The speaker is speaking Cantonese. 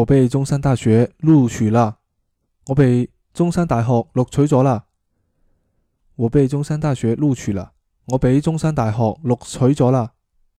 我被中山大學錄取啦！我被中山大學錄取咗啦！我被中山大學錄取啦！我俾中山大學錄取咗啦！